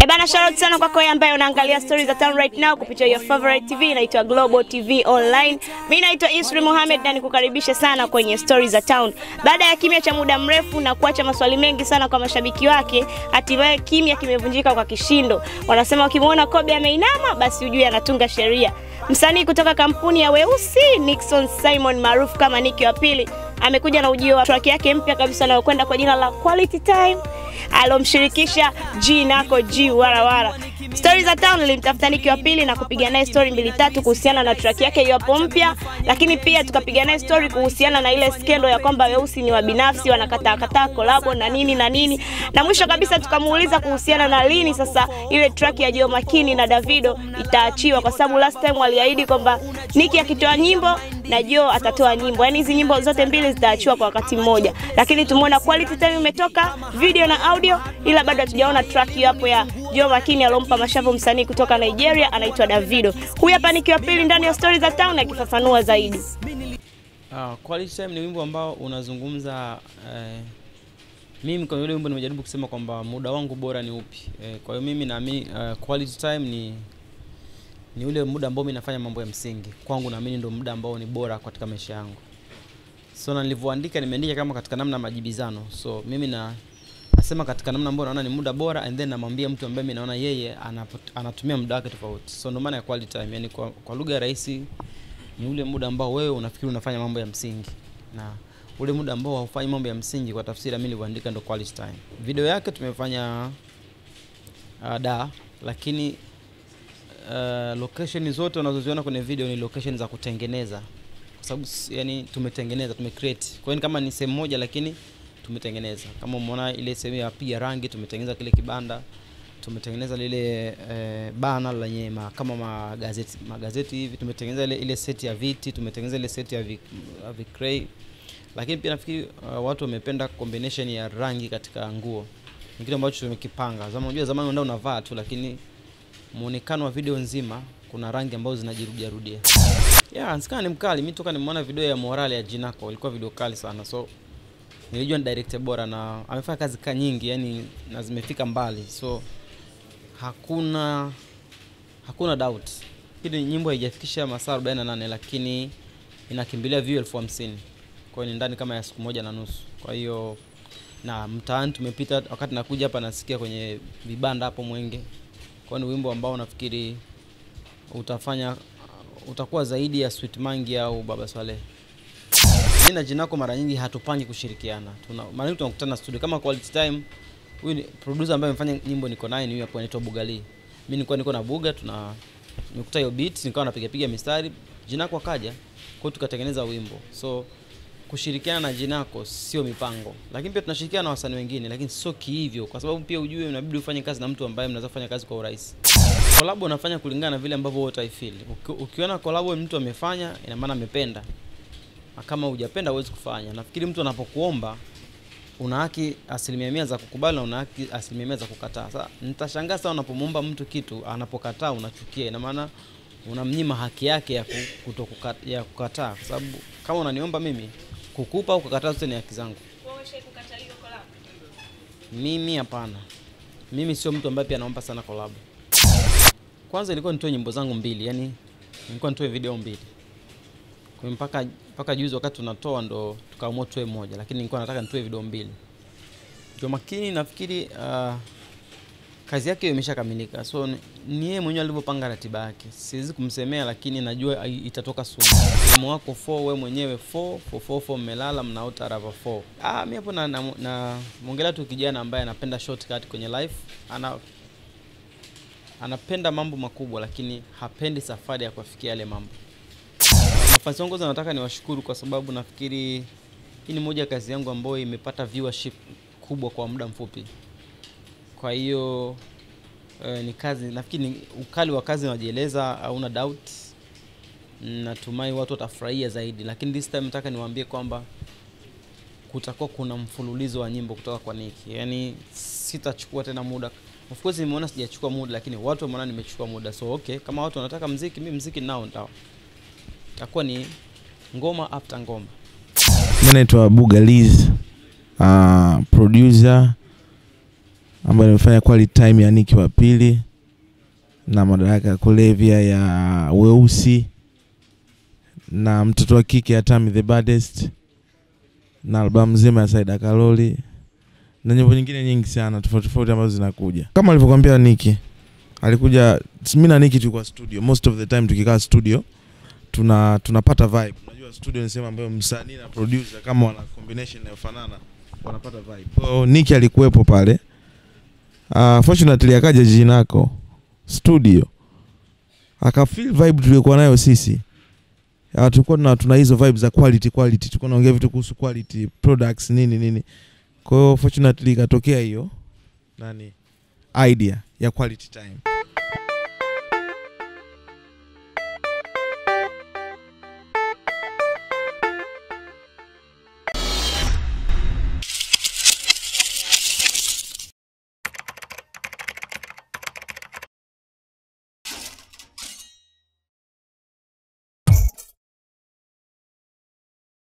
E bana, shout sana kwako wewe ambaye unaangalia stories za town right now kupitia your favorite TV inaitwa Global TV Online. Mimi naitwa Isri Mohamed na nikukaribisha sana kwenye stories za town. Baada ya kimya cha muda mrefu na kuacha maswali mengi sana kwa mashabiki wake, hatimaye kimya kimevunjika kwa kishindo. Wanasema ukimwona Kobe ameinama, basi ujue anatunga sheria. Msanii kutoka kampuni ya Weusi Nixon Simon maarufu kama Nicky wa pili amekuja na ujio wa track yake mpya kabisa anayokwenda kwa jina la Quality Time alomshirikisha G Nako G Warawara. Story za Town nilimtafuta Niki wa pili na kupiga naye story mbili tatu kuhusiana na track yake hiyo hapo mpya, lakini pia tukapiga naye story kuhusiana na ile skendo ya kwamba weusi ni wabinafsi wanakataa kataa kolabo na nini na nini, na mwisho kabisa tukamuuliza kuhusiana na lini sasa ile track ya Joh Makini na Davido itaachiwa, kwa sababu last time waliahidi kwamba Niki akitoa nyimbo na Jo atatoa nyimbo, yaani hizi nyimbo zote mbili zitaachiwa kwa wakati mmoja, lakini tumeona quality time imetoka video na audio, ila bado hatujaona track hiyo hapo ya Jo Makini alompa mashavu msanii kutoka Nigeria anaitwa Davido. Huyu hapa kiwa pili ndani ya Story za Town akifafanua zaidi. Uh, quality time ni wimbo ambao unazungumza eh, mimi kwa yule wimbo nimejaribu kusema kwamba muda wangu bora ni upi. Eh, kwa hiyo mimi naamini uh, quality time ni ni ule muda ambao mimi nafanya mambo ya msingi kwangu, naamini ndio muda ambao ni bora katika maisha yangu. So na nilivyoandika, nimeandika kama katika namna majibizano, so mimi na nasema katika namna ambayo naona ni muda bora, and then namwambia mtu ambaye mimi naona yeye anaput, anatumia muda wake tofauti. So ndio maana ya quality time, yani kwa, kwa lugha ya rahisi ni ule muda ambao wewe unafikiri unafanya mambo ya msingi na ule muda ambao haufanyi mambo ya msingi, kwa tafsiri ya mimi nilivyoandika ndo quality time. Video yake tumefanya uh, da lakini uh, location zote unazoziona kwenye video ni location za kutengeneza kwa sababu yani tumetengeneza tumecreate kwa hiyo kama ni sehemu moja lakini tumetengeneza kama umeona ile sehemu ya pia rangi tumetengeneza kile kibanda tumetengeneza lile e, uh, bana lenye ma, kama magazeti magazeti hivi tumetengeneza ile, ile seti ya viti tumetengeneza ile seti ya, vi, ya lakini pia nafikiri uh, watu wamependa combination ya rangi katika nguo ni kitu ambacho tumekipanga zama unajua zamani unaenda unavaa tu lakini muonekano wa video nzima kuna rangi ambazo zinajirudia rudia. Yeah, Nsikana ni mkali. Mimi toka nimeona video ya Morale ya Jinako ilikuwa video kali sana. So nilijua ni director bora na amefanya kazi ka nyingi yani na zimefika mbali. So hakuna hakuna doubt. Hili nyimbo haijafikisha masaa 48 lakini inakimbilia view elfu hamsini. Kwa ni ndani kama ya siku moja na nusu. Kwa hiyo na mtaani tumepita, wakati nakuja hapa nasikia kwenye vibanda hapo Mwenge kwa ni wimbo ambao nafikiri utafanya utakuwa zaidi ya Sweet Mangi au Baba Swalehe. Mimi na Jinako mara nyingi hatupangi kushirikiana. Tuna mara nyingi tunakutana studio kama quality time. Huyu ni producer ambaye amefanya nyimbo niko naye ni huyu hapo anaitwa Bugali. Mimi nilikuwa niko na Buga tuna nikuta hiyo beat nikawa napiga piga mistari Jinako akaja. Kwa tukatengeneza wimbo. So kushirikiana na Jinako sio mipango, lakini pia tunashirikiana na wasanii wengine, lakini sio kihivyo, kwa sababu pia ujue inabidi ufanye kazi na mtu ambaye mnaweza kufanya kazi kwa urahisi. Kolabo unafanya kulingana na vile ambavyo wewe utaifeel. Ukiona kolabo mtu amefanya, ina maana amependa, na kama hujapenda huwezi kufanya. Nafikiri mtu anapokuomba una haki asilimia mia za kukubali na una haki asilimia mia za kukataa. Sasa nitashangaa sana unapomuomba mtu kitu anapokataa unachukia, ina maana unamnyima haki yake ya, kuto kukataa, kwa sababu kama unaniomba mimi kukupa au kukataa zote ni haki zangu. Mimi hapana, mimi sio mtu ambaye pia anaomba sana collab. Kwanza ilikuwa nitoe nyimbo zangu mbili, yani nilikuwa nitoe video mbili kwa mpaka mpaka juzi wakati tunatoa ndo tukaamua tuwe moja, lakini nilikuwa nataka nitoe video mbili. Kwa makini nafikiri uh, kazi yake imeshakamilika, so ni yeye mwenyewe alivyopanga ratiba yake. Siwezi kumsemea, lakini najua itatoka soon. Msemo wako 4 wewe mwenyewe 4 444, mmelala mnaota rava 4. Ah, mimi hapo na, na, na mwongelea tu kijana ambaye anapenda shortcut kwenye life, ana anapenda mambo makubwa, lakini hapendi safari ya kufikia yale mambo. nafasi yangu nataka niwashukuru kwa sababu nafikiri hii ni moja kazi yangu ambayo imepata viewership kubwa kwa muda mfupi kwa hiyo eh, ni kazi nafikiri ni ukali wa kazi unajieleza hauna doubt natumai watu watafurahia zaidi lakini this time nataka niwaambie kwamba kutakuwa kuna mfululizo wa nyimbo kutoka kwa Niki. Yaani sitachukua tena muda. Of course nimeona sijachukua muda lakini watu wameona nimechukua muda. So okay, kama watu wanataka mziki mimi mziki nao ndao. takuwa ni ngoma after ngoma. Mimi naitwa Bugaliz. Uh, producer ambayo nimefanya quality time ya Niki wa pili na madaraka ya kulevya ya Weusi na mtoto wa kike ya Tammy the Baddest na albamu nzima ya Saida Kaloli na nyimbo nyingine nyingi sana tofauti tofauti ambazo zinakuja. Kama alivyokuambia Niki, alikuja mimi na Niki tulikuwa studio most of the time, tukikaa studio tuna tunapata vibe. Unajua studio ni sehemu ambayo msanii na producer kama wana combination inayofanana wanapata vibe. Kwa hiyo Niki alikuwepo pale uh, fortunately akaja jinako studio akafil vibe tuliokuwa nayo sisi uh, tulikuwa tuna, tuna hizo vibe za quality quality, tulikuwa naongea vitu kuhusu quality products nini nini. Kwa hiyo fortunately ikatokea hiyo nani idea ya quality time.